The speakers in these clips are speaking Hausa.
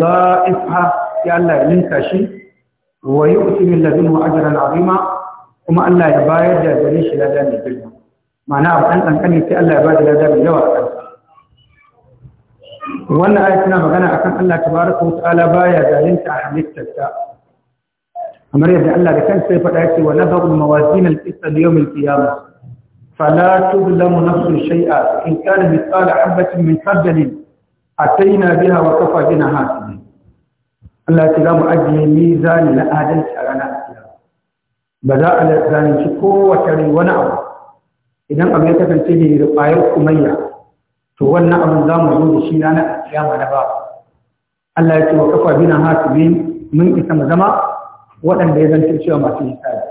وظائفها يا الله ننسى شيء ويؤتي من لدنه اجرا عظيما وما الله يباير يا زليش لا دام الدنيا معناها ان ان كان يتي الله يباير لا دام الدنيا وانا ايتنا مغنى اكن الله تبارك وتعالى بايا زلنت احمد التساء امر يدي الله بكن سيفا ايتي ونظر الموازين القصه ليوم القيامه فلا تظلم نفس شيئا ان كان مثقال حبه من خردل اتينا بها وكفى بنا هاتفا Allah ce za mu ajiye mizani na adalci a ranar kiyama ba za a zalunci kowace rai wani abu idan abu ya kasance da ƙwayar kumayya to wannan abin za mu zo da shi ranar kiyama na ba Allah ya ce wa kafa bina bi mun isa mu zama waɗanda ya zanta cewa masu hisabi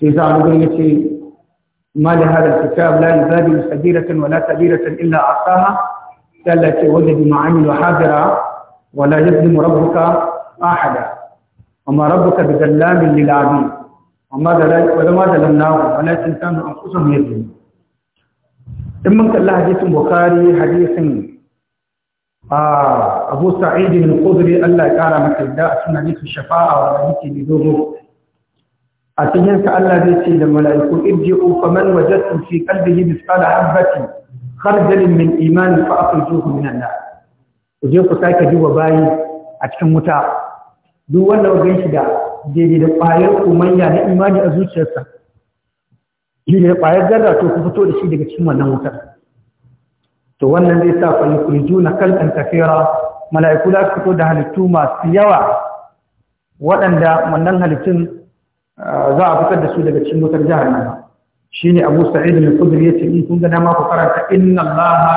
sai za a rubar ya ce ma da hadar kitab la yuzabi sagiratan wala kabiratan illa a sai Allah ce wanda bi ma'amil wa ولا يظلم ربك أحدا وما ربك بظلام للعبيد وما وما ظلمناه ولكن كانوا أنفسهم يظلمون ثم قال حديث البخاري حديث آه أبو سعيد الخدري الله يقارى مكدا أسمى حديث الشفاعة وحديث بدوره أتجنك الله يسي الملائكة ارجعوا فمن وجدتم في قلبه مثقال حبة خرجل من إيمان فأخرجوه من النار ku je ku sake duba bayi a cikin wuta duk wanda ku gan da daidai da ƙwayar umayya na imani a zuciyarsa shi da ƙwayar zarra to ku fito da shi daga cikin wannan wutar to wannan zai sa ku yukuriju na kalkan kafira mala'iku za su fito da halittu masu yawa waɗanda wannan halittun ah, za a fitar da su daga cikin wutar jahannama shine Abu Sa'id al ya yace in kun ga dama ku karanta inna allaha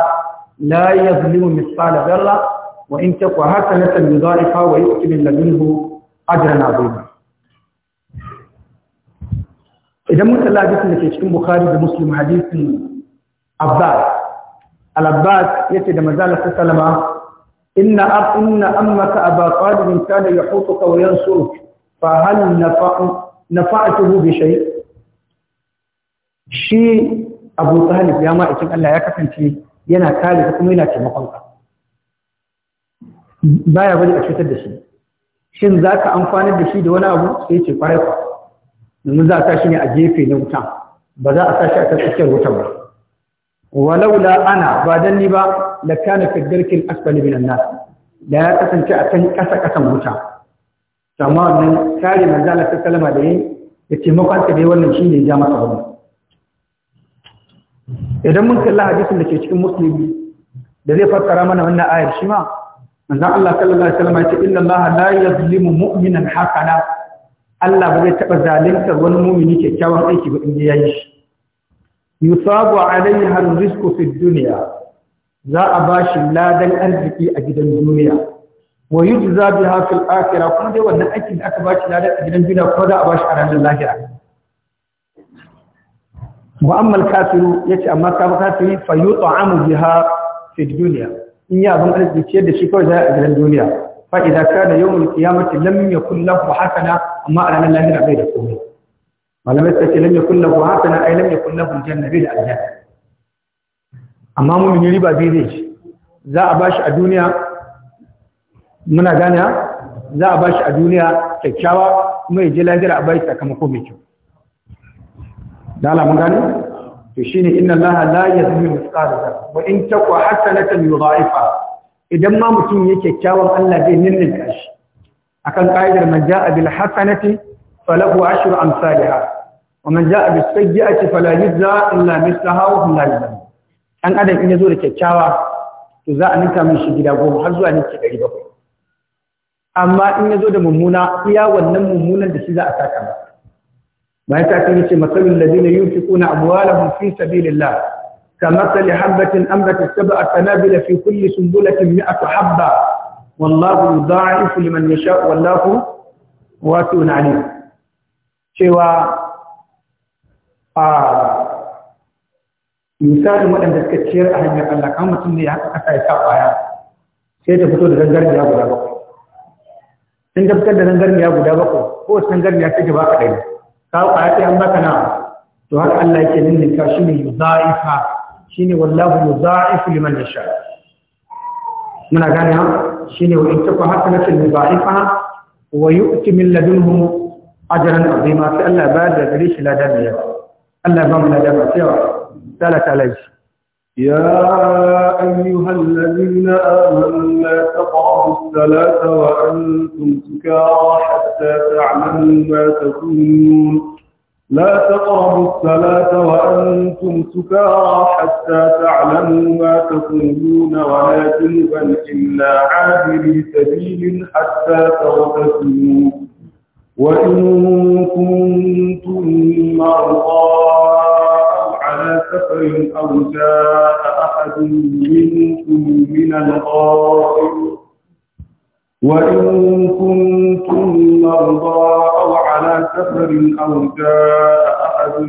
la yazlimu mithqala dharra وإن تقوى حسنة يضاعفها ويؤتي من لدنه أجرا عظيما idan mun kalla da ke cikin Bukhari da Muslim hadisin Abbas al-Abbas ce da manzala sallama inna ab inna ammaka aba qadim kana yahutuka wa yansuruk fa hal nafa'atuhu bi shay shi Abu Talib ya ma ikin Allah ya kasance yana kare kuma yana taimakon ka baya bari a cutar da shi shin za ka amfani da shi da wani abu sai ce kwarai kwa domin za a sa ne a gefe na wuta ba za a sa shi a tsakiyar wuta ba walaula ana ba dan ni ba la kana fi darkil asfali min an nas da ya kasance a kan kasa kasan wuta amma wannan kare manzo Allah ta kalma da yayi da taimakon ka dai wannan shine ya masa idan mun kalla hadisin da ke cikin muslimi da zai fassara mana wannan ayar shi ma manzon Allah sallallahu alaihi wasallam ya ce inna Allah la yuzlimu mu'minan hakana Allah ba zai taba zalunta wani mu'mini kyakkyawan aiki ba in yayi shi yusabu alaiha rizqu fi dunya za a bashi ladan arziki a gidan duniya wa yujza biha fil akhirah kuma dai wannan aikin da aka bashi ladan a gidan duniya kuma za a bashi a ranar lahira wa amma al-kafiru yace amma kafiri fa yut'amu biha fi dunya in yi abin arziki ciyar da shi kawai za a gidan duniya fa'iza kana yawmul qiyamati lam yakul lahu hasana amma a ranar lahira bai da komai malamai ta ce lam yakul lahu hasana ai lam yakul lahu aljanna bai da aljanna amma mun yi riba bai zai za a bashi a duniya muna gane za a bashi a duniya kyakkyawa kuma ya je lahira a bai sakamako mai kyau da alamun gane to shine inna allaha la yazlimu mithqala dharra wa in takwa hasanatan yudha'ifa idan ma mutum yake kyawun Allah zai ninninka shi akan ka'idar man ja'a bil hasanati falahu ashru amsalha wa man ja'a bis sayyi'ati fala yujza illa mithlaha wa la yuzlamun an adam in yazo da kyakkyawa to za a ninka min shi gida goma har zuwa ninki bakwai. amma in yazo da mummuna iya wannan mummunan da shi za a saka masa bayan ta kan yace masalul ladina yunfiquna amwalahum fi sabilillah kamathali habatin ambatat sab'a sanabila fi kulli sunbulatin mi'atu habba wallahu yudha'ifu liman yasha wallahu wasi'un 'alim cewa a misalin waɗanda suka ciyar a hanyar Allah kan mutum ne ya aka yi sa ƙwaya sai ta fito da zangarniya guda bakwai sun ta fitar da zangarniya guda bakwai ko wasu zangarniya ta ba ka ka kwaya an baka na to har Allah yake ninninka shi ne yuzaifa shi ne wallahu yuzaifu liman yasha muna gane shi ne wa in tafa hasanatin yuzaifa wa yu'ti min ladunhu ajran azima sai Allah ya bayar da gare shi ladan da yawa Allah ba mu ladan da yawa sallallahu alaihi يا أيها الذين آمنوا لا تقربوا الصلاة وأنتم سكارى حتى تعلموا ما تكونون لا تقربوا الصلاة وأنتم سكارى حتى تعلموا ما تقولون ولا جنبا إلا عابري سبيل حتى تغتسلوا وإن كنتم مرضى سفر أو جاء أحد منكم من الغائب وإن كنتم مرضى أو على سفر أو جاء أحد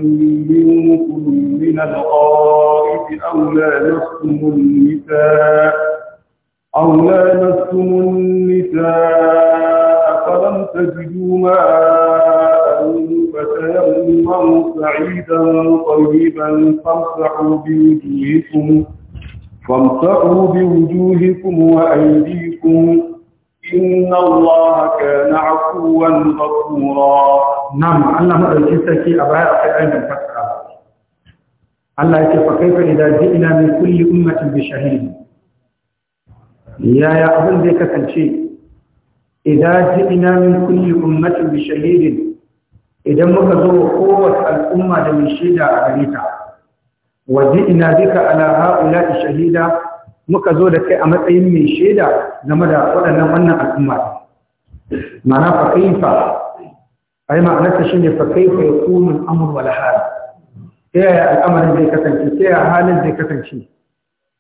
منكم من الغائب أو لا نصم النساء أو لا نصم النساء فلم تجدوا ماءً وعيدا طيبا فامسحوا بوجوهكم فامسحوا بوجوهكم وأيديكم إن الله كان عفوا غفورا نعم الله مدركي سكي أبايا أخي أين الفتحة الله يكي فكيف إذا جئنا من كل أمة بشهيد يا يا أبن ذيك تنشي إذا جئنا من كل أمة بشهيد idan muka zo wa kowace al'umma da mai shaida a gare ta waje ina bika ala ha'ula shahida muka zo da kai a matsayin mai shaida game da waɗannan wannan al'umma Mana fa kaifa ai ta shine fa kaifa yakunu al-amr wal hal ta yaya al'amarin zai kasance ta yaya halin zai kasance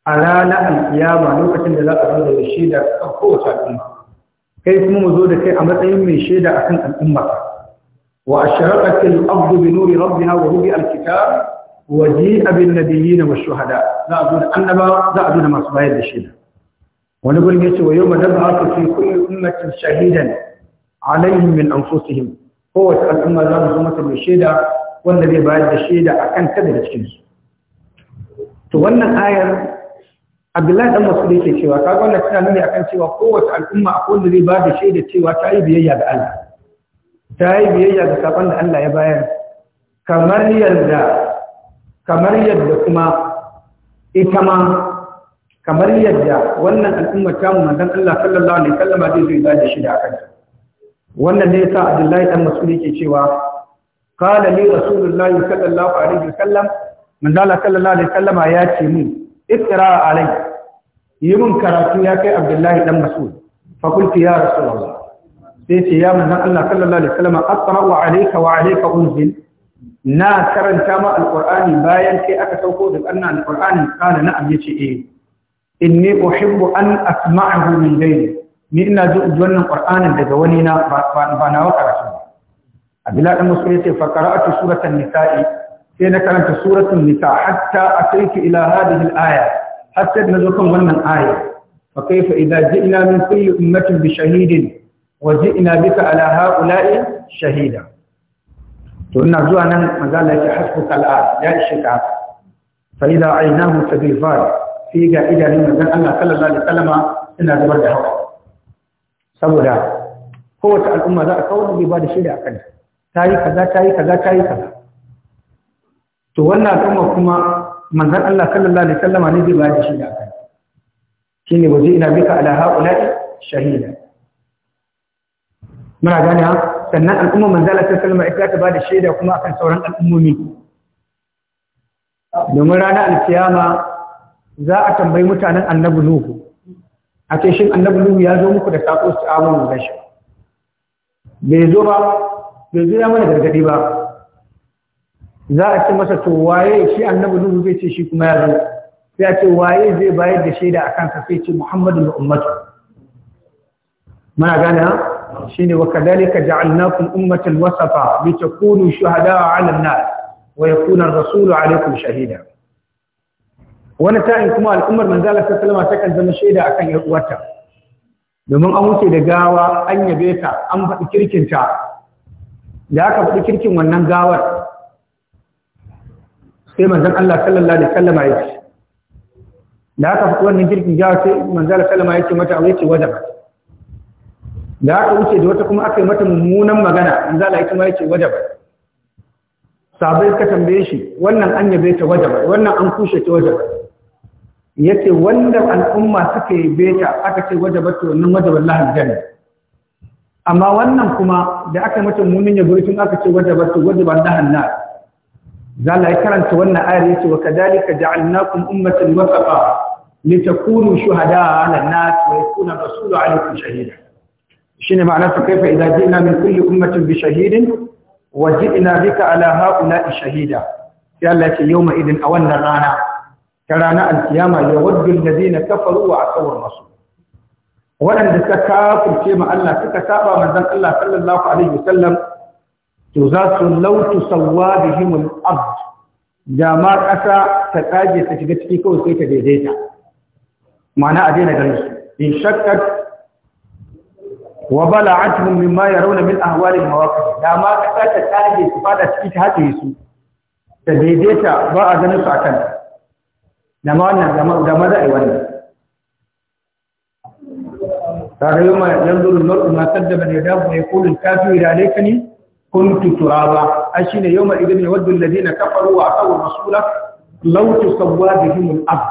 a ranar alkiyama lokacin da za a zo da mai shaida a kowace al'umma kai kuma mu zo da kai a matsayin mai shaida akan al'umma وأشرقت الأرض بنور ربها ووضع الكتاب وجيء بالنبيين والشهداء لا أدون أنما لا أدون ما صبايا الشيء ونقول يسوع ويوم نبعث في كل أمة شهيدا عليهم من أنفسهم هو الأمة لا نظمة الشهيدة والنبي بعد الشهيدة أكن تدري الشمس تولنا آية Abdullahi dan Masudi yake cewa kaga wannan tana nuni akan cewa kowace al'umma akwai wanda zai ba da shaida cewa ta yi biyayya ga Allah ta yi biyayya ga sakon da Allah ya bayar kamar yadda kamar yadda kuma ita ma kamar yadda wannan al'ummar tamu manzon Allah sallallahu alaihi wasallam zai zo ya da shi da akan wannan ne yasa Abdullahi dan Mas'ud ke cewa qala li rasulullahi sallallahu alaihi wasallam manzon Allah sallallahu alaihi wasallam ya ce min iqra alai yi min karatu ya kai Abdullahi dan Mas'ud fa qulti ya rasulullah sai ce ya manzan Allah sallallahu alaihi wasallam wa alayka wa alayka unzil na karanta ma alqur'ani bayan kai aka sauko da annan alqur'ani kana na am yace eh inni uhibbu an asma'ahu min ghayri ni ina ji wannan qur'anin daga wani na ba na karatu abdullahi dan musulmi yace fa qara'atu suratan nisa'i sai na karanta suratul nisa hatta ataitu ila hadhihi al-aya hatta nazo kan wannan aya fa kayfa idza ji'na min kulli ummatin bi shahidin وجئنا بك على هؤلاء شهيدا تقولنا زوانا مقال لك حسبك الآن يا الشكاك فإذا عيناه تبيضان في جائدة لما ذن الله صلى الله عليه وسلم إن هذا برد هو سبدا هو الأمة ذا كون ببادي شيء لأقل تاي كذا تاي كذا تاي كذا تولى الأمة كما من ذن الله صلى الله عليه وسلم نجي بادي شيء كيني وزئنا بك على هؤلاء شهيدا muna gane sannan al'umma manzala ta salma ita ta ba da shaida kuma akan sauran al'ummomi domin rana alkiyama za a tambayi mutanen annabi nuhu a ce shin annabi nuhu ya zo muku da sako su amon gashi bai zo ba bai zo ya mana gargadi ba za a ce masa to waye shi annabi nuhu zai ce shi kuma ya zo sai a ce waye zai bayar da shaida a kansa sai ce muhammadu da ummatu muna gane ha ne wa kadhalika ja'alnakum ummatan wasafa litakunu shuhada'a 'ala an-nas wa yakuna ar-rasulu 'alaykum shahida wani ta'in kuma al'ummar manzo Allah sallallahu alaihi takan zama shaida akan yar uwarta domin an wuce da gawa an yabe ta an faɗi kirkin ta. da aka faɗi kirkin wannan gawar sai manzon Allah sallallahu alaihi wasallam ya ce da aka faɗi wannan kirkin gawar sai manzon Allah sallallahu alaihi wasallam ya ce mata a wace wajaba da aka wuce da wata kuma aka yi mata mummunan magana in zala ita ma yake wajaba sabai ka tambaye shi wannan an yabe ta wajaba wannan an kushe ta wajaba yace wanda al'umma suka yabe ta aka ce wajaba to wannan wajaba Allah aljanna amma wannan kuma da aka mata mummunan yabo tun aka ce wajaba to wajaba Allah annar zala ya karanta wannan ayar yace wa kadalika ja'alnakum ummatan wasaqa litakunu shuhada'a 'ala an-nas wa yakuna rasulu 'alaykum shahida shine ma'anar sa kaifa idza ina min kulli ummatin bi shahidin Waje ina bika ala haula shahida sai Allah ce yawma a wannan rana ta rana alkiyama ya waddu alladhina kafaru wa asaw rasul waɗanda ta kafirce ma Allah suka saba manzan Allah sallallahu alaihi wasallam to za su lautu sawwa bihim al-ard da ƙasa ta tsage ta shiga ciki kawai sai ta daidaita ma'ana a daina ganin su in shakkat wa bala'atuhum mimma yarawna min ahwali al-mawaqif da ma kasa ta tage su fada ciki ta haɗe su da daidaita ba a ganin su akan da ma wannan da ma za a yi wannan kaga yau ma yanzuru al-mar'u ma qaddama yadahu wa yaqulu al-kafiru ila laykani kuntu turaba ai shine yau ma idan yawaddu alladhina kafaru wa atawu rasula law tusawwa bihim al-ard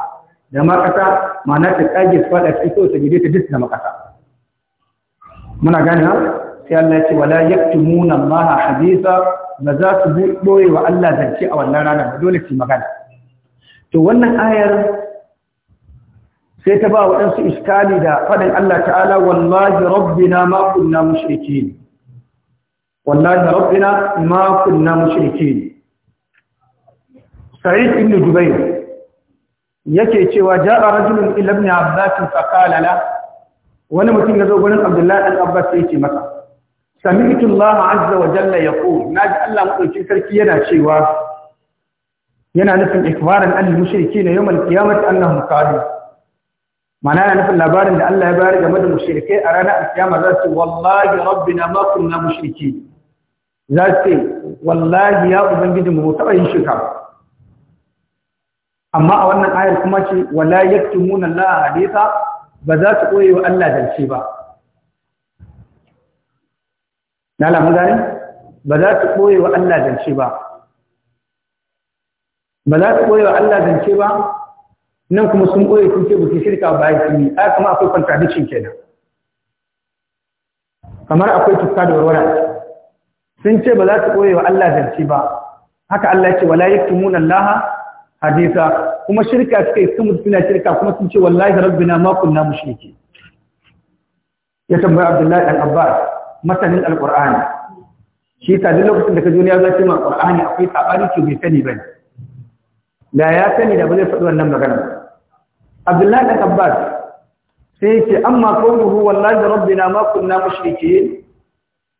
da ma kasa ma na ta tage su fada ciki ko ta daidaita duk da makasa muna gane sai Allah ya ce wala yaktumuna Allah hadisa ba za su boye wa Allah zance a wannan rana ba dole su magana to wannan ayar sai ta ba waɗansu iskali da faɗin Allah ta'ala wallahi rabbina ma kunna mushrikin wallahi rabbina ma kunna mushrikin sa'id ibn jubair yake cewa ja'a rajulun ila ibn abbas fa qala wani mutum ya zo gurin abdullahi dan abbas sai ce masa sami'tu allah azza wa jalla na ji allah madaukin sarki yana cewa yana nufin ikbaran al mushrikeena na al qiyamah annahum mana yana nufin labarin da Allah ya bayar game da mushrikai a ranar alkiyama za su wallahi rabbina ma kunna mushriki za su wallahi ya ubangiji mu taɓa yin shirka amma a wannan ayar kuma ce wala yaktumuna la haditha ba za su ɓoye wa Allah zance ba na lamu gani ba za su ɓoye wa Allah zance ba ba za su ɓoye wa Allah zance ba nan kuma sun ɓoye sun ce buke shirka ba sun yi a kama akwai contradiction kenan kamar akwai tukka da warwara sun ce ba za su ɓoye wa Allah zance ba haka Allah ya ce wala yaktumuna laha, hadisa kuma shirka suka yi sun suna shirka kuma sun ce wallahi rabbina makon na mushriki ya tambaya abdullahi dan abbas masanin alqur'ani shi ta duk lokacin da ka duniya za ta ma qur'ani akwai sabani ke bai sani bane da ya sani da ba zai faɗi wannan magana abdullahi dan abbas sai ce amma qawluhu wallahi na makon na mushrikin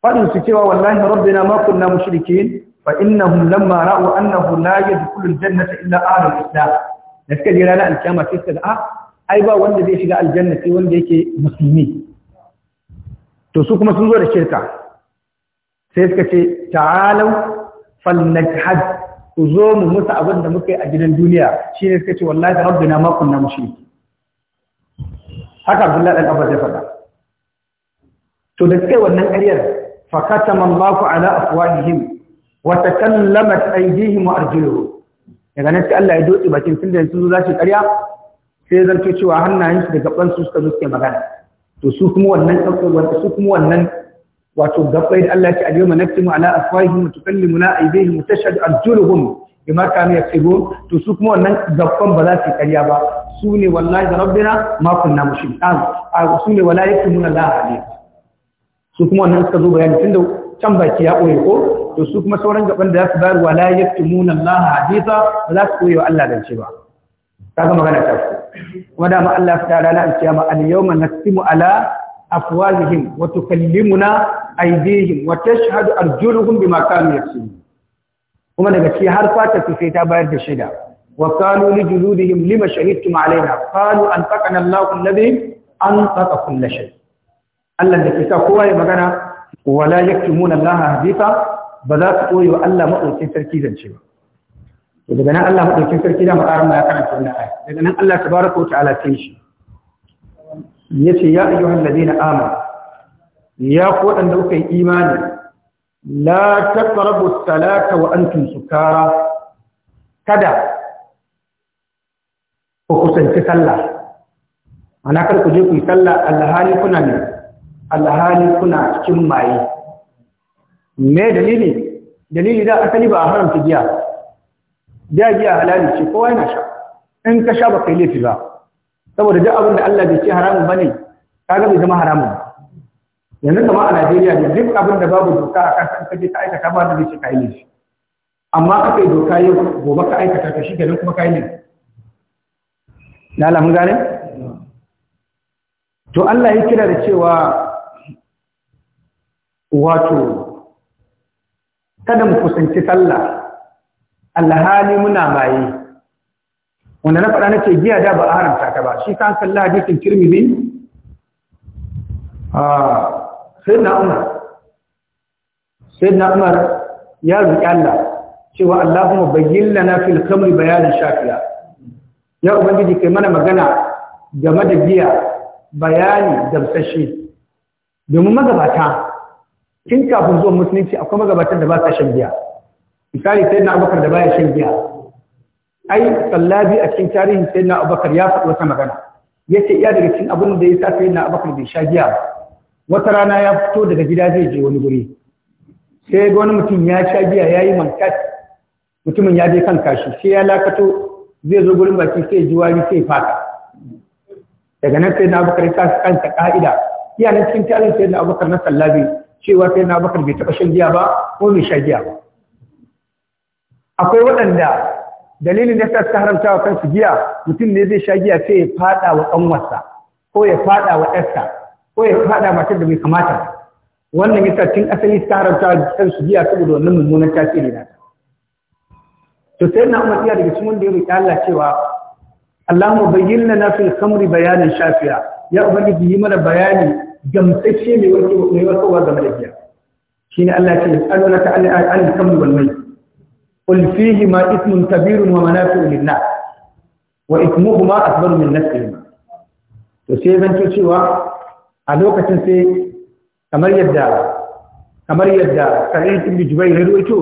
Faɗin su cewa wallahi na makon na mushrikin فإنهم لما رأوا أنه لا يدخل الجنة إلا أهل الإسلام نسكى جيرانا الكامة تسكى آه أيضا وانده زي شقاء الجنة وانده يكي مسلمي تسوك مسلمور الشركة سيسكى تعالوا فلنجحد تزوم موسى أبدا مكي أجل الدنيا شين يسكى والله ربنا ما كنا مشرك haka Abdullahi dan Abbas ya faɗa to da kai wannan ƙaryar fakatama Allahu ala afwahihim Wata wa takallamat aydihim wa arjuluhum daga nan sai Allah ya dotse bakin tunda yanzu za su karya sai zan zanto cewa hannayensu da gaban su suka zuke magana to su kuma wannan kankan su kuma wannan wato gabbai da Allah ya ce al-yawma naktimu ala afwahihim wa tukallimuna aydihim wa tashhadu arjuluhum bima kanu yaksibun to su kuma wannan gabban ba za su karya ba su ne wallahi da rabbina ma kunna mushrikan su ne wala yaktumuna la alayhi su kuma wannan suka zo bayani tunda can baki ya ɓoye ko to su kuma sauran gaban da za su bayar wala yaktumuna Allah haditha ba za su koyewa Allah dan ce ba kaga magana ta kuma dama ma Allah ta rana alkiyama al yawma nastimu ala afwahihim wa tukallimuna aydihim wa tashhadu arjuluhum bima ya yaksubun kuma daga ci har fata su sai ta bayar da shaida wa qalu li juludihim lima shahidtum alaina qalu anfaqana Allahu alladhi anfaqa kull shay Allah da ke sa kowa ya magana wala yaktumuna Allah haditha ba za su koyi wa Allah maɗaukin sarki zance ba daga nan Allah maɗaukin sarki da ma'aran ma ya karanta wannan aya daga nan Allah tabaraka wa ta'ala ta shi Ya ce ya ayyuhal ladina amanu ya ku waɗanda kuka yi imani la taqrabu as-salata wa antum sukara kada ku kusanci sallah ana kar ku je ku yi sallah alhali kuna ne alhali kuna cikin maye me dalili dalili da asali ba a haramta giya da giya halali ce kowa yana sha in ka sha ba kai laifi ba saboda duk abin da Allah bai ce haramun bane kaga bai zama haramun yanzu kama a Najeriya ne duk abin da babu doka a kan ka je ka aikata ba da bai ce kai laifi amma ka kai doka yau gobe ka aikata ka shi nan kuma kai laifi na lamun gane to Allah ya kira da cewa wato kada mu kusanci sallah alhali muna maye wanda na faɗa nake giya da ba a haramta ka ba shi kan sallah hadisin tirmidhi ah Sayyidina umar sayyidina umar ya ruki Allah cewa Allahumma bayyin lana fil khamri bayanan shafiya ya ubangiji kai mana magana game da giya bayani gamsashe domin magabata tun kafin zuwan musulunci akwai magabatan da ba sa shan giya misali sai na abubakar da baya shan giya ai sallabi a cikin tarihin sai na abubakar ya faɗi wata magana ya ce iya daga cikin abin da ya sa sai na abubakar bai sha giya ba wata rana ya fito daga gida zai je wani guri sai ga wani mutum ya sha giya ya yi mankat mutumin ya je kan kashi sai ya lakato zai zo gurin baki sai ji wari sai fata daga nan sai na abubakar ya sa kansa ka'ida iya nan cikin tarihin sai na abubakar na sallabi cewa sai na bakar bai taɓa shan giya ba ko bai sha giya ba akwai waɗanda dalilin da suka haramta wa kansu giya mutum ne zai sha giya sai ya faɗa wa ƙanwarsa ko ya faɗa wa ɗarsa ko ya faɗa matar da bai kamata wannan yasa tun asali suka haramta wa kansu giya saboda wannan mummunan tasiri na to sai na umar iya daga cikin wanda ya roƙi Allah cewa Allahumma bayyana na fil khamri bayanan shafiya ya ubangiji yi mana bayani gamsashe mai warke mai game da Shi ne Allah ce annaka al-kamr wal mai qul fihi ma ithmun kabirun wa manafi'u lin-nas wa ithmuhuma akbar min nafsihima to sai zan ce cewa a lokacin sai kamar yadda kamar yadda sa'id ibn jubayr ya ruwaito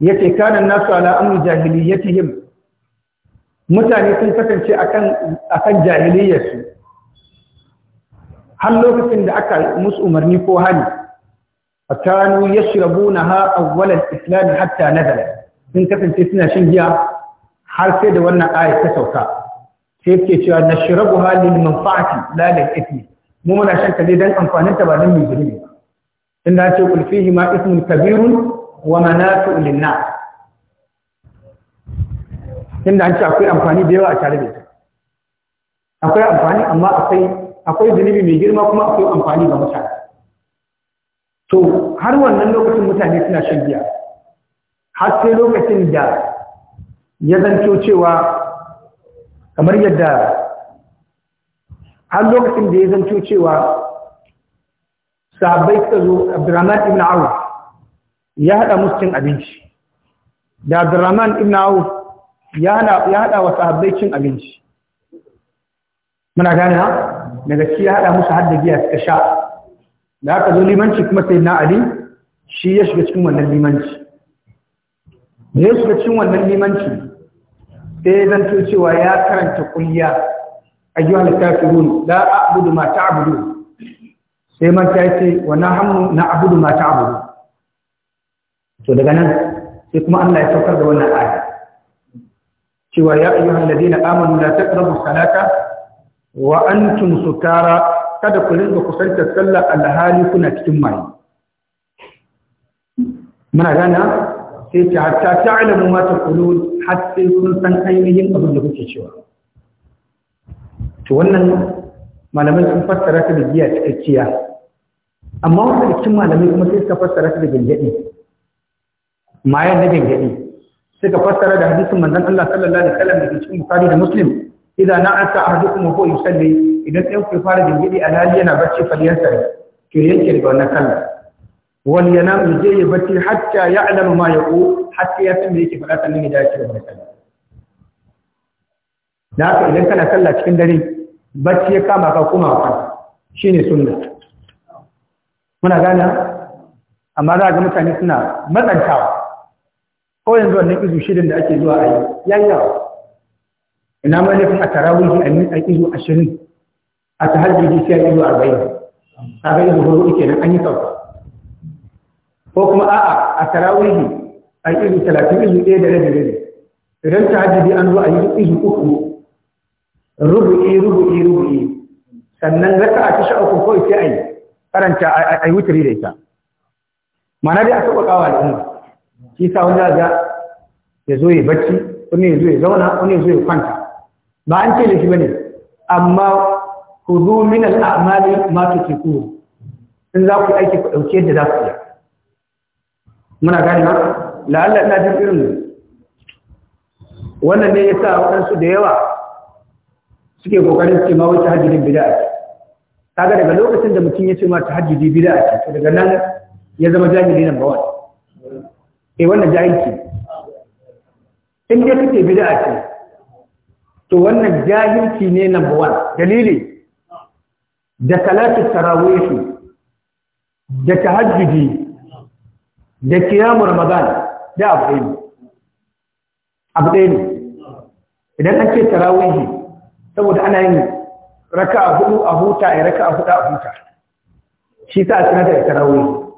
yace kana nasu ala amri jahiliyatihim mutane sun kasance a kan jahiliyarsu har lokacin da aka musu umarni ko hali. ya hani fakanu yashrabunaha awwal al-islam hatta nazala sun kasance suna shan giya har sai da wannan ayat ta sauka sai yake cewa nashrabuha lil manfa'ati la lil ithmi mu muna shan ta ne dan amfanin ta ba dan mai zunubi In inda ce kul fihi ma ithmun kabirun wa manafi'u lin In da an ce akwai amfani da yawa a tare da ita akwai amfani amma akwai akwai zunubi mai girma kuma akwai amfani ga mutane to har wannan lokacin mutane suna shan giya har sai lokacin da ya zanto cewa kamar yadda har lokacin da ya zanto cewa sabai suka zo abdurrahman ibn awu ya haɗa musu cin abinci da abdurrahman ibn awu ya haɗa wa sahabbai cin abinci muna gane ha daga ciki ya haɗa musu hadda giya suka sha da aka zo limanci kuma sai na ali shi ya shiga cikin wannan limanci da ya shiga cikin wannan limanci sai zanto cewa ya karanta kulliya ayyuhal kafirun la a'budu ma ta'budun sai man ta yace wa nahnu na'budu ma ta'budun to daga nan sai kuma Allah ya saukar da wannan aya cewa ya ayyuhal ladina amanu la taqrabu salata wa antum sukara kada ku rinka kusantar sallah alhali kuna cikin maye muna gana sai ce hatta ta'lamu ma taqulun har sai kun san ainihin abin da kuke cewa to wannan malamai sun fassara ta da giya cikakkiya amma wasu cikin malamai kuma sai suka fassara ta da gangaɗi mayan na gangaɗi suka fassara da hadisin manzon Allah sallallahu alaihi wasallam da cikin Bukhari da Muslim idan na asa kuma ko yusalli idan ɗan ku fara jingidi alhali yana bacci falyarsa to yake da wannan sallah wal yanam je ya bacci hatta ya alamu ma yaqu hatta ya san me yake faɗa sannan ya dace da sallah da haka idan kana sallah cikin dare bacci ya kama ka kuma ka shine sunna muna gana amma za ga mutane suna matsantawa ko yanzu wannan izu shirin da ake zuwa a yi yayyawa ina ma ne a tarawihi a min ido ashirin a ta hajji sai a ido arba'in a ga ido hudu kenan an yi sauka ko kuma a'a a tarawihi a ido talatin izu ɗaya da rabi rabi idan ta hajji an zo a yi ido uku rubu'i rubu'i rubu'i sannan raka a tashi uku ko sai a yi karanta a yi wuturi da ita mana dai a sauƙaƙa wa al'umma shi sa wanda ga ya zo ya bacci wani ya zo ya zauna wani ya zo ya kwanta ba an ce da shi bane amma ku zo min al'amali ma ku in za ku aiki ku dauke da za ku yi muna gani ba la'alla ina jin irin wannan ne yasa waɗansu da yawa suke kokarin ce ma wata hajjidin bid'a ce kaga daga lokacin da mutum ya ce ma tahajjudi bid'a ce to daga nan ya zama jahili nan ba eh wannan jahilci in dai kake bid'a ce to wannan jahilci ne number one dalili da salatul tarawih da tahajjudi da kiyamu ramadan da abu ɗaya idan an ce tarawih saboda ana yin raka a hudu a huta a raka a hudu a huta shi ta a da tarawih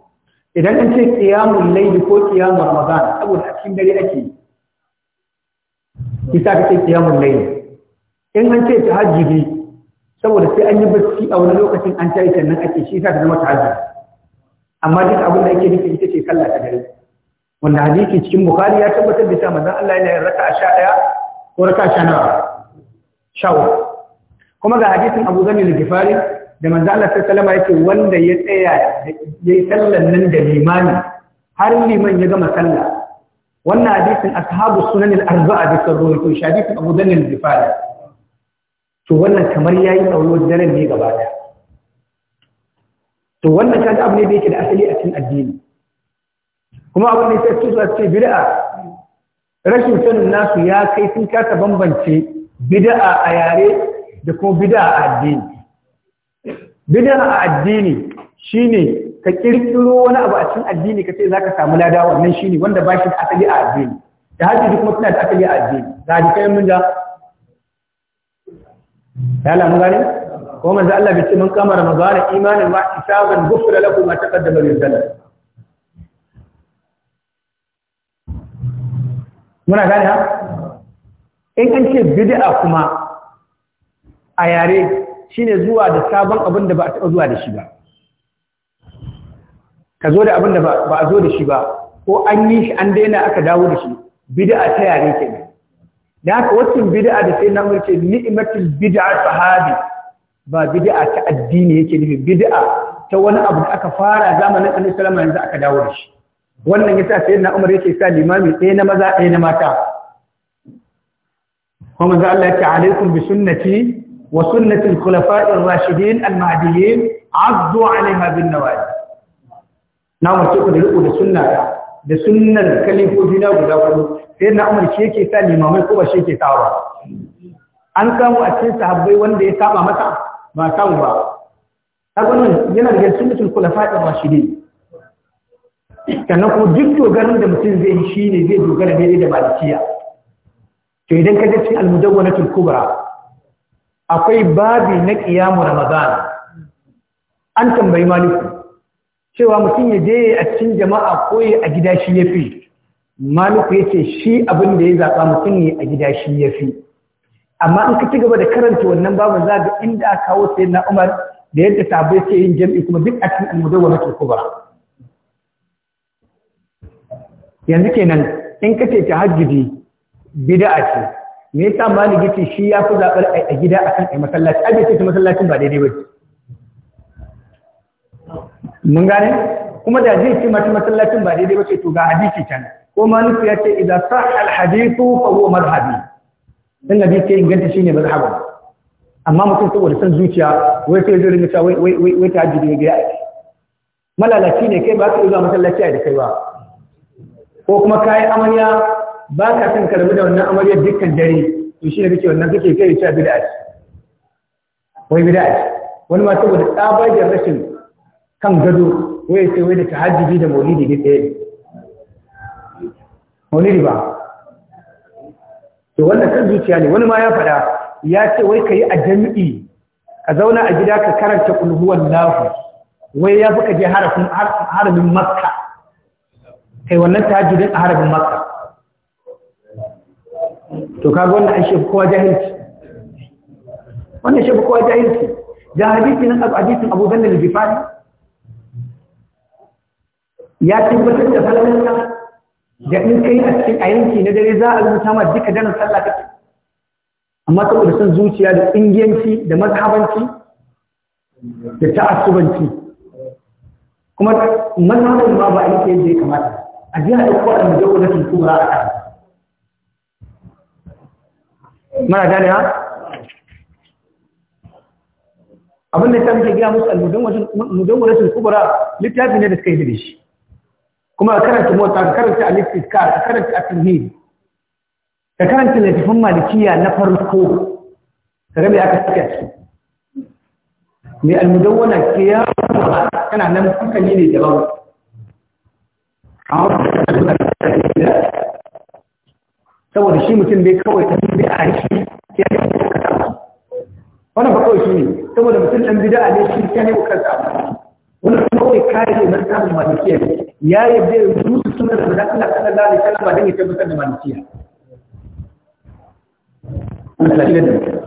idan an ce kiyamun layl ko kiyamun ramadan saboda a cikin dare ake yi shi ta ka ce kiyamun laili in an ce ta tahajjudi saboda sai an yi barci a wani lokacin an tayi sannan ake shi ta zama ta tahajjud amma duk abin da ake nufi ita ce sallah ta dare wanda hadisi cikin bukhari ya tabbatar da cewa manzon Allah yana yin sha ɗaya ko raka'a 19 shawa kuma ga hadisin Abu Dharr al-Ghifari da manzon Allah sallallahu alaihi wasallam wanda ya tsaya yi sallan nan da limani har liman ya gama sallah wannan hadisin ashabu sunan al-arba'a da sarro ko hadisin Abu Dharr al-Ghifari to wannan kamar ya yayi tsawon daren ne gaba ɗaya to wannan kan abu ne da yake da asali a cikin addini kuma abin da sai su ce bida'a rashin sanin nasu ya kai sun kasa bambance bida'a a yare da kuma bida'a a addini Bida'a a addini shine ka kirkiro wani abu a cikin addini ka ce ka samu lada wannan shine wanda ba shi da asali a addini da duk kuma tana da asali a addini da kayan mun da ya mun gane ko manzo Allah bi ce mun kama ramadan imanin wa hisaban gufra lakum ma taqaddama min dhanbi muna gane ha in an ce bid'a kuma a yare shine zuwa da sabon abin da ba a taɓa zuwa da shi ba ka zo da abin da ba a zo da shi ba ko an yi shi an daina aka dawo da shi bid'a ta yare ke da haka wacin bid'a da sai na mulke ni'matul bid'a sahabi ba bid'a ta addini yake nufi bid'a ta wani abu da aka fara zamanin Annabi sallallahu alaihi yanzu aka dawo da shi wannan yasa sai na Umar yake sa limami ɗaya na maza ɗaya na mata kuma manzo Allah yake alaikum bi sunnati wa sunnati al-khulafa'i ar-rashidin al-mahdiyyin 'addu 'alayha bin nawajib na mutu ku da riko da sunna da sunnan kalifofi na guda hudu sai na umar shi yake sa limamai ko ba shi yake sa ba an samu a cikin sahabbai wanda ya saba masa ba samu ba gwanin yana da sunnatul khulafa shi ne. sannan kuma duk dogarin da mutum zai yi ne zai dogara daidai da malikiya to idan ka ga cikin al na akwai babi na ƙiyamu ramadan an tambayi maliku cewa mutum ya je a cikin jama'a ko a gida shi ya fi. Malik ya ce shi abin da ya zaɓa mutum ne a gida shi ya fi amma in ka ci gaba da karanta wannan babu za ga inda aka kawo sai na umar da yadda sabai ke yin jam'i kuma duk a cikin wa ta kuma. yanzu kenan in ka ce ta tahajjudi bid'a ce me ya Malik ya ce shi ya fi zaɓar a gida kan a masallaci a ce masallacin ba daidai ba mun gane kuma da zai ce mata masallacin ba daidai ba ce to ga hadisi can ko nufi ya ce idan sa alhadithu fa huwa madhhabi dan nabi ke inganta shine mazhabin amma mutum saboda san zuciya wai sai zai rinka wai wai wai wai tahajjudi ga yake malalaci ne kai ba ka zuwa masallaci da kai ba ko kuma kai amarya ba ka san karbi da wannan amaryar dukkan dare to shine kake wannan kake kai ta bid'a wai bid'a wani ma saboda tsabagen rashin kan gado wai sai wai da tahajjudi da maulidi ne tsaye. wani riba? to wannan kan zuciya ne wani ma ya faɗa ya ce wai ka yi a jami'i ka zauna a gida ka karanta kulhuwan nahu wai ya fi ka je harafin makka kai wannan ta tahajjudin a harafin makka to kaga wannan an shi kowa jahilci wannan shi kowa jahilci da hadisi nan abu hadisin Abu Dhanna al-Bifari ya tabbatar da falalarsa da in kai a cikin a yanki na dare za a rubuta ma duka daren sallah kake amma saboda son zuciya da ƙungiyanci da mazhabanci da ta'assubanci kuma mazhabin ma ba a yake yadda ya kamata a jiya da kowa da jawo da tunkura a kan mara gane ha abin da ta muke gina musu almudawaratul kubra littafi ne da suka yi da shi kuma ka karanta mota ka karanta al-istizkar ka karanta at-tamhid ka karanta littafin malikiya na farko ka ga me aka saka shi me al-mudawwana ke ya kana nan hankali ne daban saboda shi mutum bai kawai ta bi a shi ya yi wannan ba kawai shi ne saboda mutum ɗan bida a ne shi ya yi kansa wani kuma kawai kare ne na samun malikiya ne ya yadda ya rusu sunan da zan Allah sallallahu alaihi wasallam da ya tabbatar da ba Allah ya da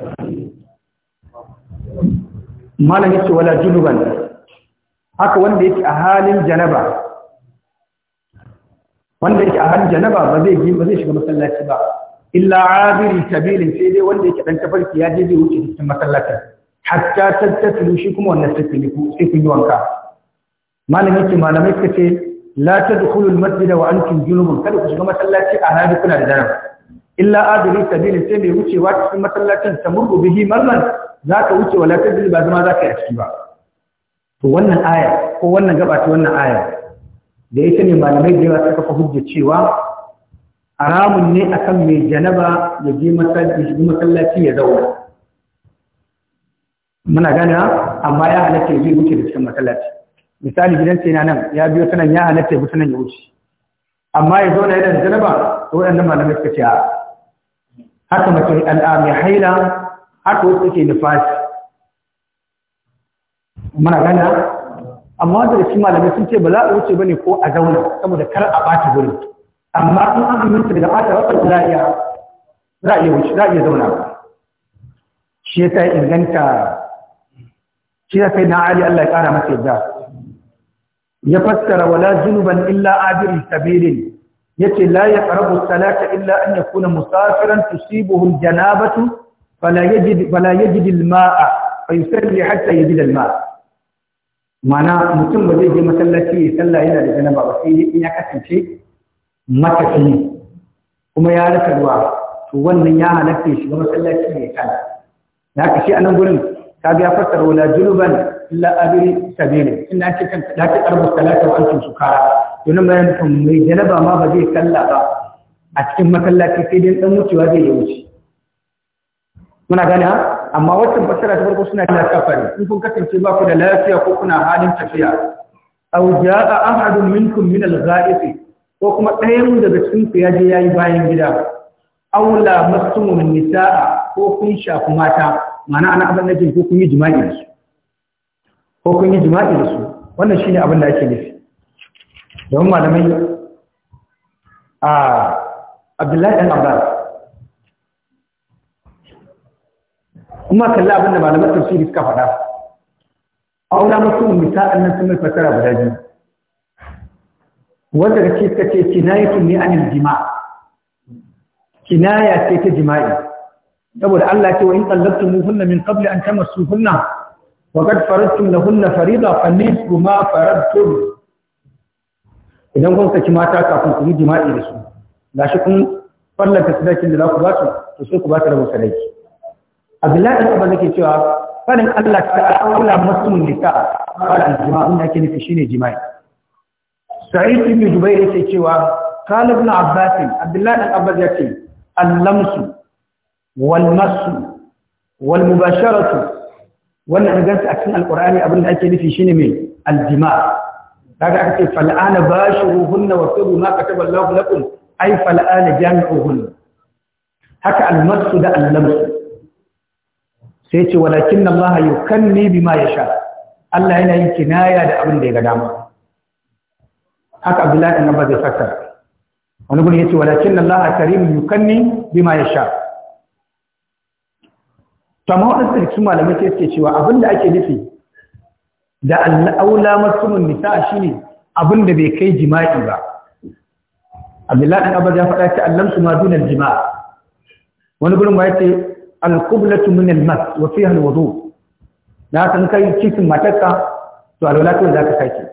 malam yake wala junuban haka wanda yake a halin janaba wanda yake a halin janaba ba zai ba zai shiga masallaci ba illa abiri sabilin sai dai wanda yake dan tafarki ya je zai wuce cikin masallacin hatta tattatu shi kuma wannan sai kun yi wanka malam yake malamai suka ce la tadkhulul masjida wa antum junubun kada ku shiga masallaci a hannun kuna da dara illa adri sabilin sai mai wucewa cikin masallacin tamurru bihi marman ka wuce wa tadri ba zama ka yi a ciki ba to wannan aya ko wannan gaba ta wannan aya da ita ne malamai da yawa ta kafa hujja cewa haramun ne akan mai janaba ya je masallaci ya zauna muna gana amma ya halatta ya je wuce da cikin masallaci misali gidan ce na nan ya biyo ta nan ya halatta ya nan ya wuce amma ya zo da yana da janaba to waɗannan malamai suka ce a haka mace al'am ya haila haka wasu suke nufasi muna gana amma da cikin malamai sun ce ba za a wuce ba ne ko a zauna saboda kar a ɓata gurin amma in an aminta daga ɓata wasu za a iya za a iya wuce za a iya zauna shi ya ta inganta shi ya sai na ali Allah ya kara masa yadda ya fassara wala junuban illa abiri sabilin yace la yaqrabu salata illa an yakuna musafiran tusibuhu aljanabatu fala yajid fala yajid alma'a fayusalli hatta yajid alma'a mana mutum ba zai je masallaci ya sallah yana da janaba ba sai in ya kasance matafiyi kuma ya rasa ruwa to wannan ya halatta shi ga masallaci ya kana da haka shi a nan gurin kaga ya fassara wala junuban illa abin sabili ina ce kan da ta karbu salata wa antum sukara to nan bayan kun mai janaba ma ba zai kalla ba a cikin masallaci sai dai dan wucewa zai yi wuce muna gane amma wacce fasara ta farko suna da kafari in kun kasance ba ku da lafiya ko kuna halin tafiya aw jaa ahadun minkum min al-ghaibi ko kuma ɗayan daga cikin ku ya je yayi bayan gida aula mastumun nisa'a ko kun shafi mata ma'ana ana abin da ko kun yi jima'i da su ko kun yi jima'i da su wannan shine abin da ake nufi don malamai a abdullahi ɗan abbas kuma kalli abin da malamai tafsiri suka faɗa auna mutum misa'an annan sun mai fasara guda biyu wanda da ke suka ce kinayatun ne anil jima kinaya ce ta jima'i saboda Allah ce wa in tsallabtu muhunna min qabli an tamassu hunna وقد فرضتم لهن فريضة فنصف ما فرضتم idan kun saki mata kafin ku yi jima'i da su gashi kun fallanta sadakin da za ku ba su to sai ku ba ta rabin sadaki abdullahi ibn da ke cewa farin Allah ta aula masun nisa fara al-jima'i inda yake nufi shine jima'i sa'id ibn jubair yake cewa qala ibn abbas abdullahi ibn abbas yake al-lamsu wal masu wal mubasharatu wannan an gansu a cikin alqur'ani abinda ake nufi shine mai aljima kaga aka ce fal'ana bashuruhunna wa tubu ma kataba Allahu lakum ay fal'ana jami'uhunna haka almasu da allamsu sai ce walakin Allah yukanni bima yasha Allah yana yin kinaya da abin da ya ga dama haka Abdullahi ibn Abbas ya saka wani gurin yace walakin Allah karim yukanni bima yasha to amma waɗansu rikin malamai sai suke cewa abin da ake nufi da al'aula masumin nisa shine abin da bai kai jima'i ba abdullahi ɗan abu ya faɗa ce allamsu ma dunar jima'a wani gurin ba ya ce alkublatu min almas wa fiha alwudu na san kai cikin matarka to alwala kawai zaka sake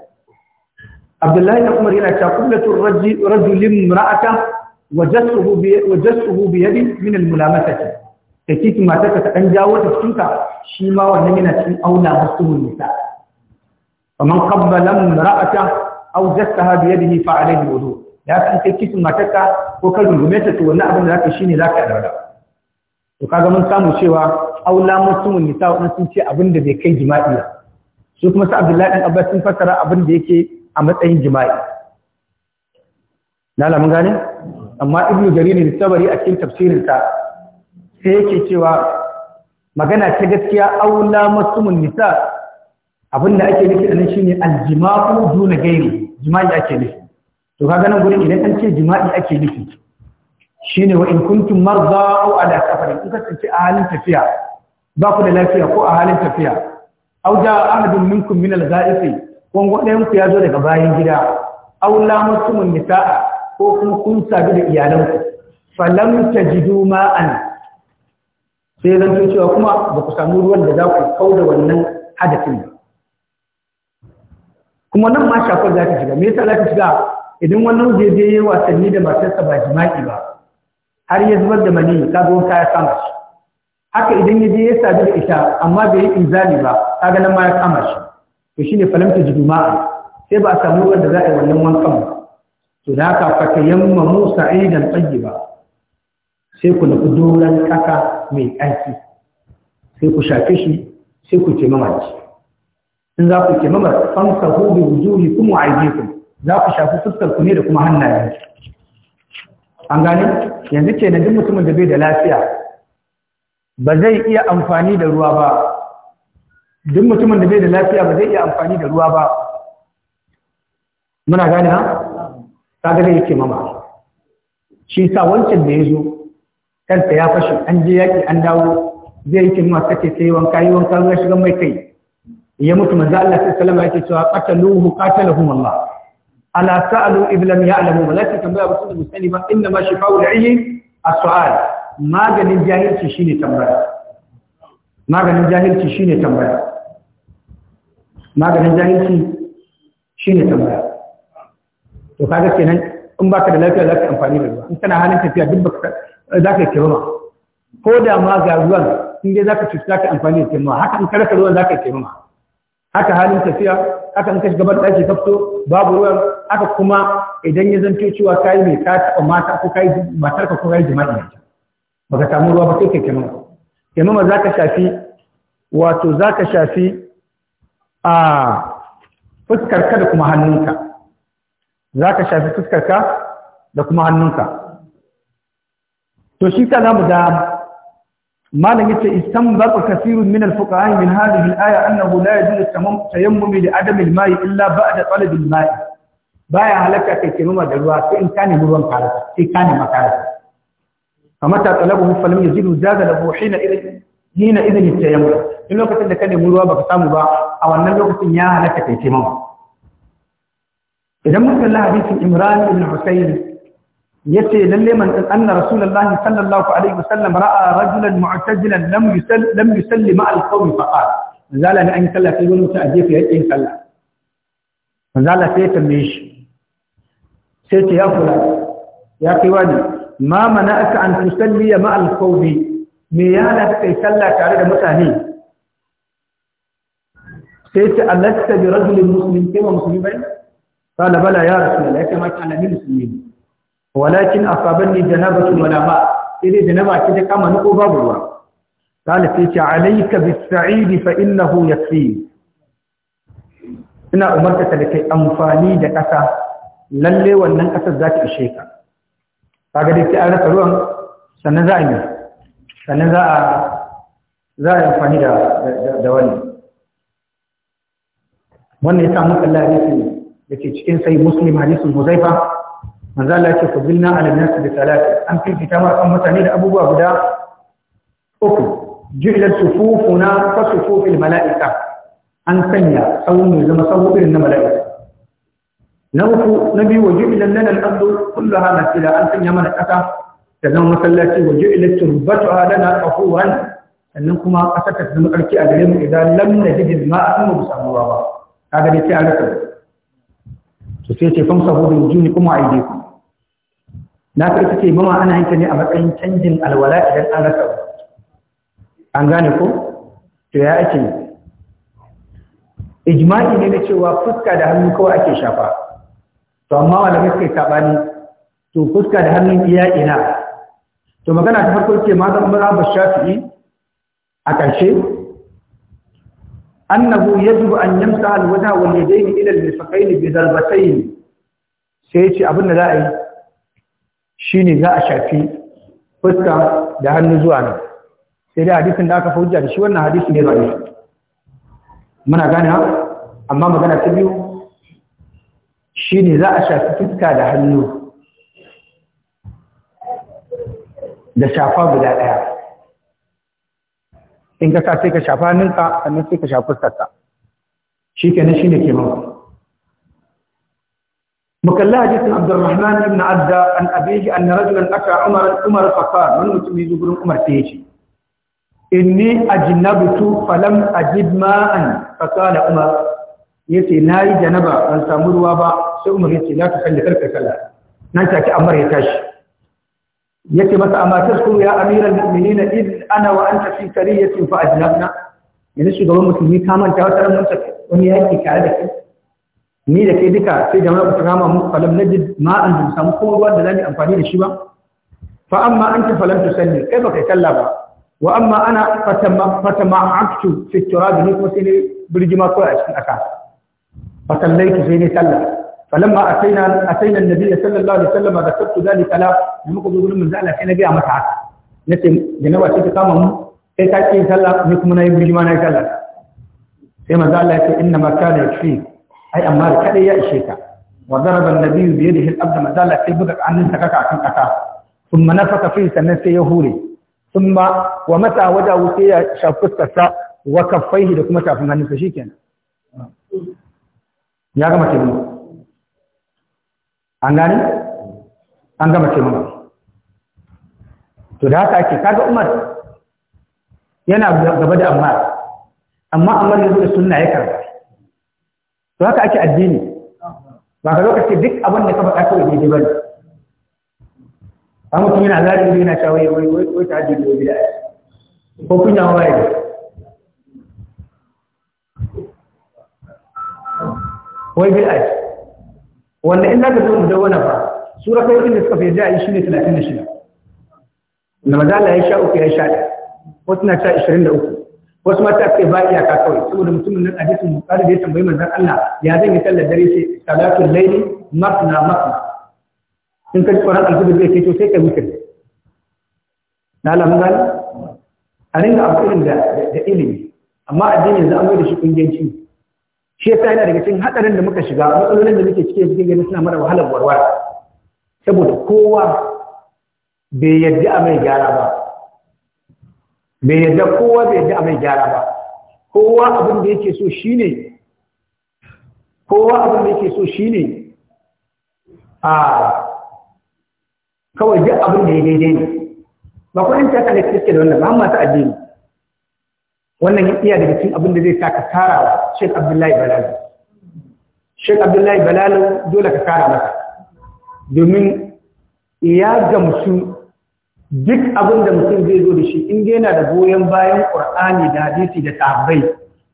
abdullahi ɗan umar yana cewa kublatu rajulin ra'ata wa jassuhu bi yadi min almulamatati da kiki matarka ta ɗan jawo ta ka shi ma wannan yana cikin auna masu nisa faman qabbala imra'ata aw jassaha bi yadihi fa alayhi wudu ya san kai kiki ka ko ka rungume ta to wannan abin da zaka shine zaka yarda to kaga mun samu cewa aula masu nisa wannan sun ce abin da bai kai jima'i ba su kuma sa Abdullahi dan Abbas sun fassara abin da yake a matsayin jima'i na lamun gane amma ibnu jarir ne tabari a cikin tafsirinsa sai yake cewa magana ta gaskiya aula masumun nisa abinda ake nufi anan shine aljima'u duna gairi jima'i ake nufi to kaga nan gurin idan an ce jima'i ake nufi shine wa in kuntum marza ala safar in kasance a halin tafiya ba ku da lafiya ko a halin tafiya aw ja ahadun minkum min alza'ifi ko ɗayan ku ya zo daga bayan gida Aula la nisa ko kuma kun sabi da iyalanku falam tajidu ma'an sai zan to cewa kuma ba ku samu ruwan da za ku kau da wannan hadafin ba kuma nan ma shafar za ta shiga me yasa za ta shiga idan wannan zai yi wasanni da matarsa ba jima'i ba har ya zubar da mani ka zo ka ya kama shi haka idan ya je ya sadu da ita amma bai yi inzali ba ka ga nan ma ya kama shi to shine falamta juma'a? sai ba a samu ruwan da za a yi wannan wankan ba to da haka fatayamma musa aidan ba. sai ku nufi doron ƙasa mai ƙarfi sai ku shafe shi sai ku ce mamaci in za ku ce mamaci famsa ko bi wujuhi kuma a yi ku za ku shafi fuskar ku ne da kuma hannayen an gane yanzu ke na duk mutumin da bai da lafiya ba zai iya amfani da ruwa ba duk mutumin da bai da lafiya ba zai iya amfani da ruwa ba muna gane ha ta da yake mama shi sa wancan da ya zo kanta ya fashe an je yaƙi an dawo zai yi kinwa kace sai wanka yi wanka ruwa shigan mai kai ya mutu manzo Allah sai sallama yake cewa qataluhu qatalahum Allah ala sa'alu iblam ya'lamu malaka tambaya ba su sani ba inna ma shifa'u al-ayyi as-su'al maganin jahilci shine tambaya maganin jahilci shine tambaya maganin jahilci shine tambaya to kaga kenan in baka da lafiya za ka amfani da ruwa in kana halin tafiya duk baka za ka kirma ko da ma ga ruwan in dai za ka cuci ka amfani da kirma haka in karaka ruwan za ka kirma haka halin tafiya haka in ka shiga bar ɗaki ka babu ruwan haka kuma idan ya zanto cewa ka yi mai ka taɓa mata ko ka yi matarka ko ka yi jima'i da ita ba ka samu ruwa ba sai ka kirma kirma za ka shafi wato za ka shafi a fuskarka da kuma hannunka za ka shafi fuskarka da kuma hannunka to shi ka zamu da malam yace istanbata kathirun min al min hadhihi alaya annahu la yajuzu tayammum li adami al illa ba'da talab al baya halaka kai kiruma da ruwa sai in kane ruwan karasa sai kane makarasa amma ta talabu fa lam yazidu zada lahu hina ila hina idan tayammum in lokacin da kane ruwa baka samu ba a wannan lokacin ya halaka kai kiruma idan mun kalla hadisin Imran ibn Husayn يسي لليما أن رسول الله صلى الله عليه وسلم رأى رجلا معتزلا لم يسلم لم يسل مع القوم فقال زال أن يسلى في يوم سأجي في أي سلى زال سيت ميش سيت يا فلان يا كيوان ما منعك أن تسلي مع القوم ميانا في سلى كارد مساهين سيت ألست برجل مسلم كما مسلمين قال بلى يا رسول الله كما كان من مسلمين walakin asabanni janabatu wala ma sai dai janaba ce ta kama ni ko babu ruwa kana sai ce alayka bis-sa'id fa innahu yakfi ina umarka ka da kai amfani da ƙasa lalle wannan kasa za ta ishe ka kaga dai sai an ruwan sannan za a yi sannan za a za a amfani da da wannan wannan ya samu kallari da ke cikin sai muslim hadisin huzaifa manzo Allah ya ce ku bilna ala nas bi salati an fi ma kan mutane da abubuwa guda uku jilat sufufuna fa sufufil malaika an sanya tsawon ya zama tsawon irin na mala'ika na uku na biyu wa jilat lana al-ardu kullaha nasila an sanya mana kasa da zama masallaci wa jilat turbatuha lana qahuran sannan kuma kasa ta zama karki a gare mu idan lam najid ma'a mu samu ba kaga dai sai an rasa to sai ce sahu hudu juni kuma a yi na ka ita ce mama ana yin ne a matsayin canjin alwala idan an rasa an gane ko to ya ake ne ijma'i ne na cewa fuska da hannu kawai ake shafa to amma wala ne sai sabani to fuska da hannun iya ina to magana ta farko ce ma zan bashafi shafi'i a ƙarshe annahu yajibu an yamsa alwajha wal yadayn ila almirfaqayn bi darbatayn sai yace abin da za a yi shine za a shafi fuska da hannu zuwa nan sai da hadisin da aka fauja da shi wannan hadisi ne bai muna gane amma magana ta biyu shine za a shafi fuska da hannu da shafa guda daya in ka sa sai ka shafa hannunka sannan sai ka shafi fuskarka shi kenan shi ne ke mawa mukalla a jisun abdurrahman ibn adda an abiji an rajulan aka a umar fafa wani mutum yi gurin umar ta yi in ni a jinnabutu falam a jidma'an fasa da umar ya ce na yi janaba ban samu ruwa ba sai umar ya ce za ta sanya ta ci amma ya tashi yake masa amma tazkuru ya amiral mu'minina id ana wa anta fi sariyatin fa ajlabna yanzu shugaban musulmi ka manta wata ran mun tafi wani yaki tare da kai ni da kai duka sai jama'a ku kama mu falam najid ma an dun samu ko ruwan da zamu amfani da shi ba fa amma anta falam tusalli kai baka sallah ba wa amma ana fatama fatama aktu fi turab ni ko sai birjima ko a cikin aka fa sallaitu sai ne sallah فلما أتينا أتينا النبي صلى الله عليه وسلم ذكرت ذلك لا نمكن نقول من زعل كان جاء متعة نسي جنوا تيجي كامم كي تأتي إن شاء الله نكمل من يوم الجمعة إن شاء الله كما زعل إنما كان يكفي أي أمار كذا يأشيك وضرب النبي بيده الأبد ما زال تبدك عن نسكك عن أكا ثم نفق فيه سنسي يهوري ثم ومتى وجه وسيا شافت كسا وكفيه لكم شافنا نسشيكنا يا جماعة an gani, an gama ce mana to da haka ake kaga umar yana gaba da ammar amma ammar yanzu da sunna ya karfa to haka ake addini ba ka lokaci duk abin da ka faɗa kawai daidai ba ne ba mutum yana zari yana cewa wai wai wai ta addini wai bid'a ko kunya waye ne wai bi aji wanda in zaka zo da wani fa sura kai inda suka fi ja'i shine 36 da mazala ya sha uku ya sha ɗaya wasu na sha 23 wasu mata ce ba iyaka kawai saboda mutumin nan hadisin bukari da ya tambayi manzon Allah ya zan yi sallar dare ce salatul laili masna masna in ka tsoron alfudu zai ce to sai ka wuce na alamun gani a ringa irin da ilimi amma addini yanzu an da shi kungiyanci shi yasa yana daga cikin hadarin da muka shiga matsalolin da muke cike cikin gani suna mara wahalar warware saboda kowa bai yadda a mai gyara ba bai yadda kowa bai yadda a mai gyara ba kowa abin da yake so shine kowa abin da yake so shine a kawai duk abin da ya daidai ne ba ku yan taka da kiske da wannan ba masu addini wannan iya daga cikin abin da zai sa ka tarawa Sheikh Abdullahi Balalu Sheikh Abdullahi Balalu dole ka kara maka domin ya gamsu duk abin da mutum zai zo da shi in yana da goyon bayan Qur'ani da hadisi da tabai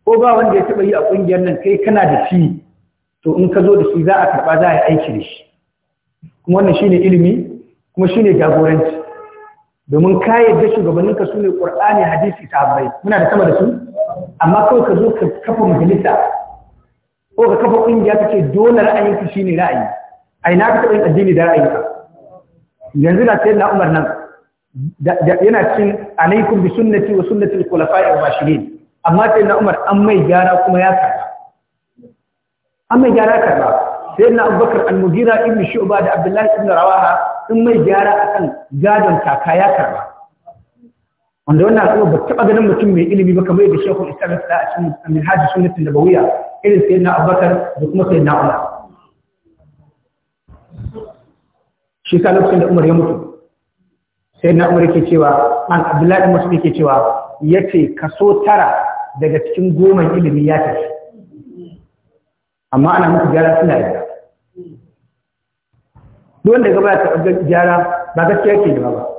ko ba wanda ya taba yi a kungiyar nan kai kana da shi to in ka zo da shi za a karba za a yi aiki da shi kuma wannan shine ilimi kuma shine jagoranci domin ka yadda shugabanninka su ne ƙur'ani hadisi tabai muna da sama da su amma kawai ka zo ka kafa majalisa ko ka kafa ƙungiya ta ce dole ra'ayinka shi ne ra'ayi a ina ka taɓa yin addini da ra'ayinka yanzu na sayar na umar nan yana cin alaikum bi sunnati wa sunnati al-khulafa'i ar-rashidin amma sayar na Umar an mai gyara kuma ya karba an mai gyara karba sayar na Abubakar al-Mughira ibn Shu'ba da Abdullahi ibn Rawaha sun mai gyara akan gadon kaka ya karba wanda wannan al'umma ba taɓa ganin mutum mai ilimi ba kamar yadda shekul islam ya faɗa a cikin minhajin sunnatin nabawiyya irin sai na abubakar da kuma na ula shi ka lokacin da umar ya mutu Sai na umar yake cewa an abdullahi masu yake cewa ya ce kaso tara daga cikin goma ilimi ya tafi amma ana muku gyara suna yi duk wanda gaba ya taɓa gyara ba gaskiya ke da ba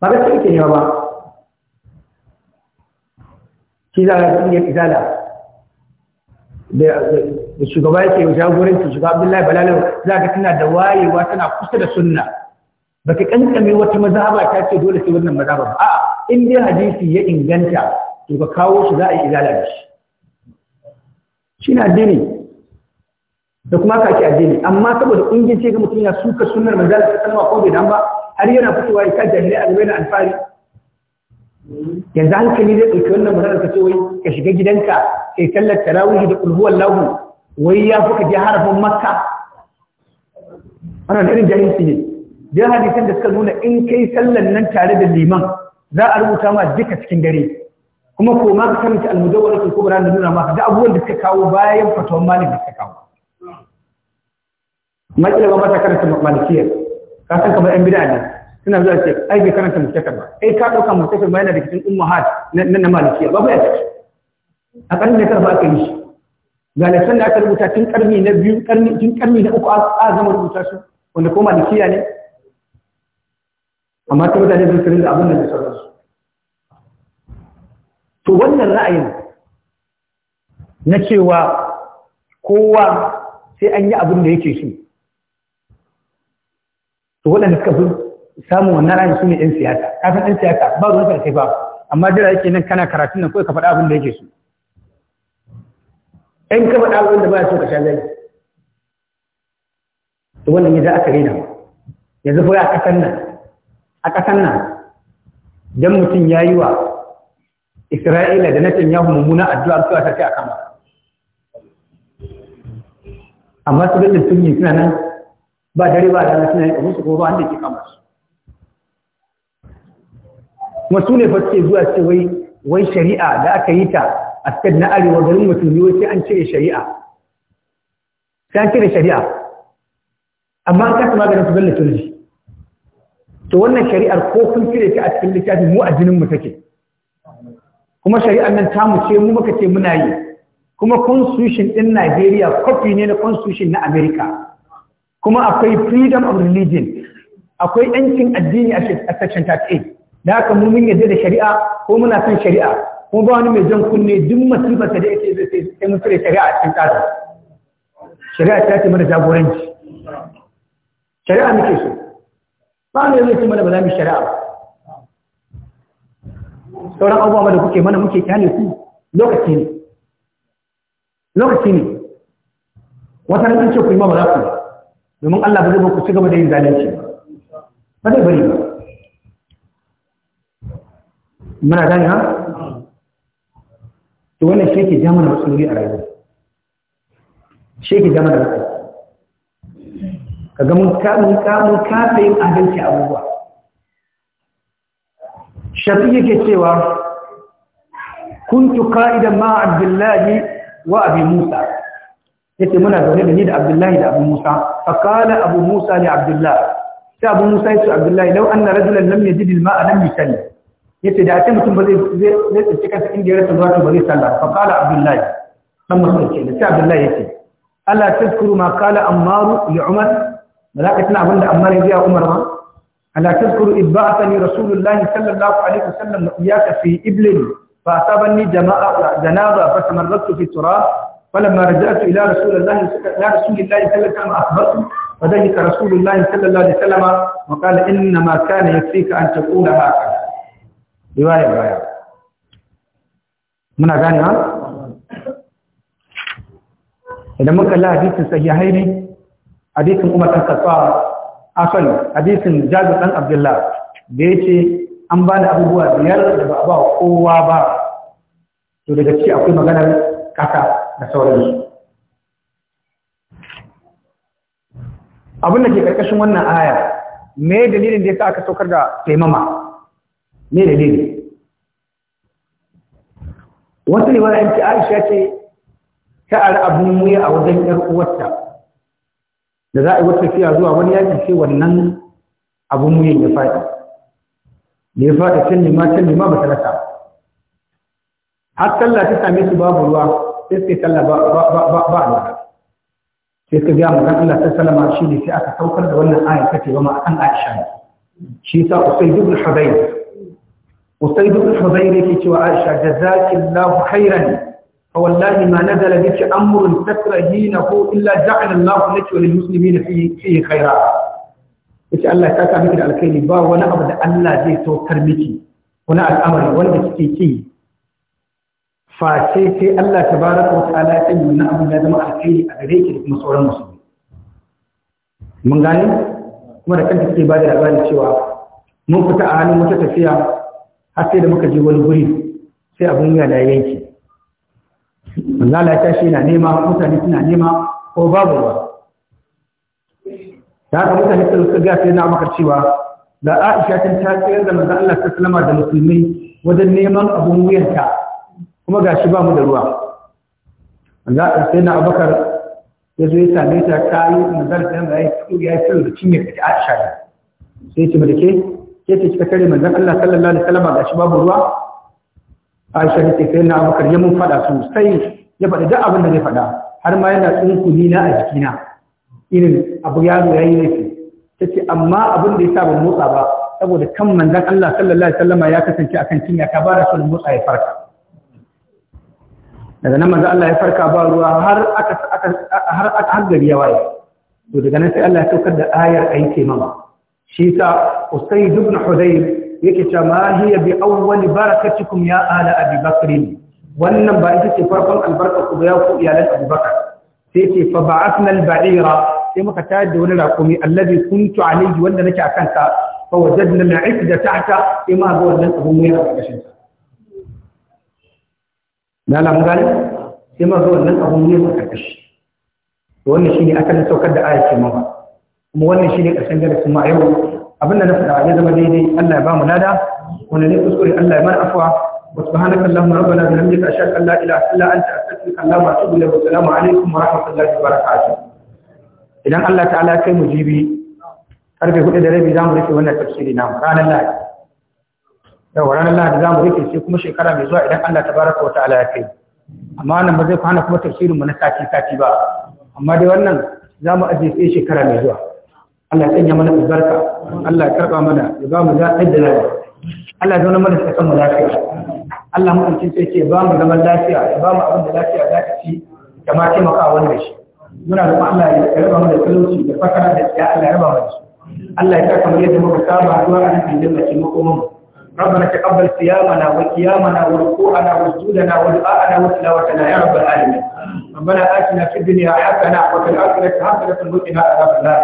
ba ga ke nema ba shi za ga cikin izala da shugaba yake jagoranci shugaba Abdullahi Balalau za ga tana da wayewa tana kusa da sunna ba ta kankame wata mazhaba ta ce dole sai wannan mazhaba ba a'a in dai hadisi ya inganta to ka kawo shi za a yi izala da shi shine addini da kuma ka ke addini amma saboda ƙungin ce ga mutum ya suka sunnar manzal sallallahu alaihi wasallam ko bai dan ba har yana fitowa ya kan jalle a da alfari yanzu hankali zai ɗauki wannan maganar ka ce wai ka shiga gidanka kai sallar tarawih da kulhuwan lahu wai ya fuka je harafin makka wannan irin jahilci ne dan hadisan da suka nuna in kai sallar nan tare da liman za a rubuta ma duka cikin dare kuma ko ma ka karanta almudawwar ko da nuna maka da abubuwan da suka kawo bayan fatawan malik da suka kawo makila ba karanta malikiya ka san kamar yan bid'a ne suna zuwa ce ai bai karanta mutakar ba ai ka dauka mutakar ba yana da cikin ummahat na na malikiya babu ya ciki a karni na karba aka yi shi ga lissan da aka rubuta tun karni na biyu karni tun karni na uku a zama rubuta su wanda ko malikiya ne amma ta mutane sun da abin da sauransu to wannan ra'ayin na cewa kowa sai an yi abin da yake shi to waɗanda suka fi samun wannan ra'ayin su ne 'yan siyasa kafin 'yan siyasa ba ruwan kai ba amma jira yake nan kana karatun nan kawai ka faɗa abin da yake so in ka faɗa abin da ba so ka sha zai to wannan ya za kare nan ya zafi a ƙasar nan a ƙasar nan don mutum ya yi wa Isra'ila da Nathan ya mummuna addu'a suka a kama amma su da sun yi suna nan ba dare ba da suna yin musu ko ba wanda ke kama su wasu ne fa zuwa ce wai wai shari'a da aka yi ta a cikin na arewa garin mutum ne wai sai an cire shari'a sai an cire shari'a amma an kasa maganin su bella turji to wannan shari'ar ko kun cire ta a cikin littafin mu a jinin mu take kuma shari'ar nan ta mu ce mu muka ce muna yi kuma constitution din Najeriya kofi ne na constitution na America kuma akwai freedom of religion akwai yancin addini a section 38 da haka mu mun yadda da shari'a ko muna son shari'a kuma ba wani mai jan kunne duk masifar da yake zai sai mun fure shari'a a cikin tsari shari'a ta ce mana jagoranci shari'a muke so ba ne zai ce mana ba za mu shari'a ba sauran abubuwa da kuke mana muke kyale ku lokaci ne lokaci ne wata nan ce ku yi ma ba za ku domin Allah ba zai ba ku ci gaba da yin zalunci ba zai bari ba muna gani ha to wannan shi ke jama da matsaloli a rayuwa shi ke jama da matsaloli ka ga mun kamun kamun kafa yin adalci abubuwa shafi yake cewa kuntu qa'idan ma abdullahi wa abi musa yace muna zaune da ni da abdullahi da abu musa فقال أبو موسى لعبد sai abu musa ya ce abdullahi lau an na rajulan lam yajid alma'a lam ya ce da ake mutum ba zai zai tsinci kansa inda ya rasa ruwa to ba zai sallah fa qala abdullahi dan musa ce da sai abdullahi ya ce Allah tazkuru ma qala ammar li umar malaka tana abinda ammar ya ga umar ma Allah tazkuru ibba'atani rasulullahi sallallahu alaihi wasallam iyaka fi iblin fa asabani jama'a janaba fa tamarratu fi turab فلما رجعت الى رسول الله رسول الله صلى الله عليه وسلم اخبرت فذلك رسول الله صلى الله عليه وسلم وقال انما كان يكفيك ان تقول هكذا رواية رواية muna ganewa idan muka la hadisin sahihai hadisin Umar ɗan Kasuwa asali hadisin Jabir ɗan Abdullah da yace an ba da abubuwa biyar da ba a ba kowa ba to daga ciki akwai maganar kaka da sauransu abin da ke ƙarƙashin wannan aya me dalilin da ya sa aka saukar da taimama me dalilin. ne wani riwayanci aisha ce ta ara abin wuya a wajen ‘yar uwarta da za a yi wata tafiya zuwa wani yaki ce wannan abin wuyan ya faɗi Me ya faɗi can nema can nema ba ta rasa har sallah ta same su babu ruwa sai suka sallah ba ba ba ba ba sai suka ga manzon Allah sallallahu alaihi shi ne sai aka saukar da wannan aya kace ba ma an Aisha shi sa Usayd ibn Hudayr Usayd ibn Hudayr yake cewa Aisha jazakillahu khairan فوالله ما نزل بك أمر تكرهينه إلا جعل الله لك وللمسلمين فيه, kaira. خيرا yace Allah ya ka miki da alkhairi ba wani abu da Allah zai saukar miki wani al'amari wanda kike ki face sai Allah ta bara ko ta'ala ya sanya wannan abin ya zama alheri a gare ki da kuma sauran musulmi mun gane kuma da kanta ba da labarin cewa mun fita a hannun wata tafiya har sai da muka je wani guri sai abin ya da yanki manzo Allah ya tashi yana nema mutane suna nema ko babu ruwa da haka mutane suka ga sai na maka cewa da Aisha ta tsayar da manzo Allah ta sallama da musulmi wajen neman abun wuyanta kuma ga shi ba mu da ruwa wanda sai na abakar ya zo ya same ta ta yi manzan da ya yi ya yi tsoro da cinye ta aisha ne sai ya ce mu da ke ke ce kika kare manzan Allah sallallahu alaihi wasallam ba babu ruwa aisha ne ce sai na abakar ya mun fada su sai ya faɗi duk abin da zai faɗa har ma yana tsunkuni na a jikina irin abu zo ya yi laifi ta ce amma abin da ya sa ban motsa ba saboda kan manzan Allah sallallahu alaihi wasallam ya kasance akan cinya ta ba da son motsa ya farka daga nan maza Allah ya farka ba ruwa har aka har har gari ya waye to daga nan sai Allah ya saukar da ayar aiki mama shi ta Usayd ibn Hudayr yake ta ma hiya bi awwal barakatikum ya ala Abi Bakr wannan ba ita ce farkon albarka ku ga ku iyalan abubakar Bakar sai ce fa ba'athna al-ba'ira sai muka tayar da wani rakumi allazi kuntu alayhi wanda nake akan sa fa wajadna al-'ifda tahta ima ga wannan abu mai a ƙarƙashin sa na lamun gane sai ma ga wannan abun ne ka kashi shi. wannan shine akan saukar da ayati ma ba kuma wannan shine karshen darasin ma yau abinda na faɗa ya zama daidai Allah ya ba mu nada. wannan ne kuskure Allah ya mana afwa wa subhanaka allahumma rabbana bihamdika ashhadu an la ilaha illa anta astaghfiruka wa atubu ilayk wa assalamu alaikum wa rahmatullahi wa barakatuh idan Allah ta'ala kai mu jibi karfe 4 da rabi zamu rufe wannan tafsiri na ranar lahadi yau ranar lahadi za mu rike sai kuma shekara mai zuwa idan Allah ta baraka wata ta'ala ya kai amma wannan ba zai hana kuma tafsirin mu na sati sati ba amma dai wannan za mu ajiye sai shekara mai zuwa Allah ya sanya mana albarka Allah ya karba mana ya ba mu a da addala Allah ya zauna mana tsakan mu lafiya Allah mu cikin sai ce ba mu zaman lafiya ya ba mu abin da lafiya za ta ci da ma taimaka wannan shi muna da Allah ya raba mu da talauci da fakara da tsiya Allah ya raba mu Allah ya saka mana yadda muka saba zuwa a cikin jannatin makomanmu ربنا تقبل صيامنا وقيامنا وركوعنا وسجودنا ودعاءنا وتلاوتنا يا رب العالمين ربنا آتنا في الدنيا حسنة وفي الآخرة حسنة وقنا عذاب النار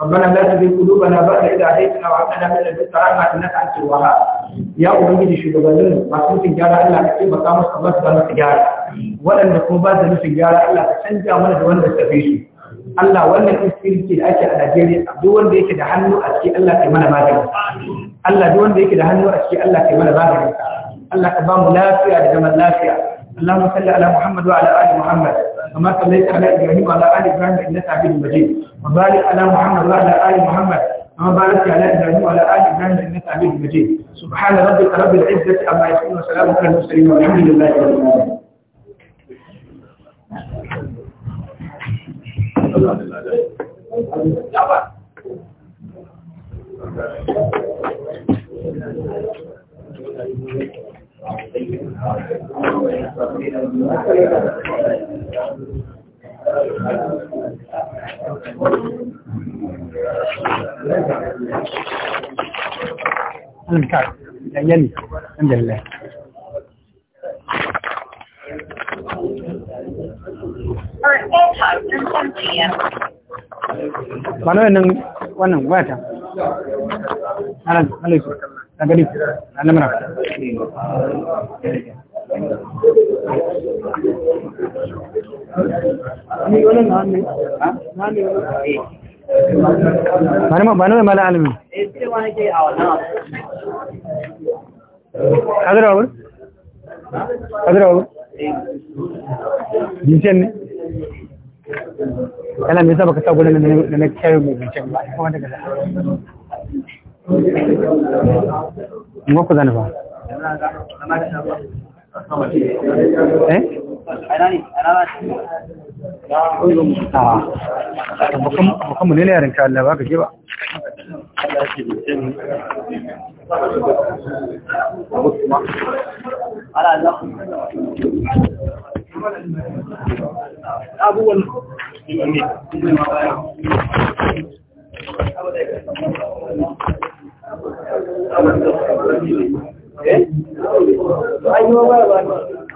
ربنا لا تزغ قلوبنا بعد إذ هديتنا وهب لنا من لدنك رحمة إنك أنت الوهاب يا ubangiji shugabannin masu nufin gyara Allah ka taimaka musu ka basu damar gyara waɗanda kuma ba da nufin gyara Allah ka canza mana da wanda tafi fi Allah wannan iskirki da ake a Najeriya duk wanda yake da hannu a ciki, Allah kai mana magani Allah duk wanda yake da hannu a ciki Allah kai mana maganin sa Allah ka ba mu lafiya da zaman lafiya Allahumma salli ala Muhammad wa ala ali Muhammad kama sallaita ala Ibrahim wa ala ali Ibrahim innaka Hamidum Majid wa barik ala Muhammad wa ala ali Muhammad kama barakta ala Ibrahim wa ala ali Ibrahim innaka Hamidum Majid subhana rabbika rabbil izzati amma yasifun wa salamun ala al-mursalin walhamdulillahi rabbil alamin Allah Allah Ừ, ờ, anh anh الكعب يلي الحمد لله Mana wannan wannan wata നല്ല നല്ല നല്ല മരം yana me yasa baka sa gudanar da na kyau mai bincin ba kuma daga ba ku eh? zane ah, ba ne ka Allah ba ba abubuwan Thank eh? you.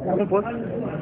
我们不是。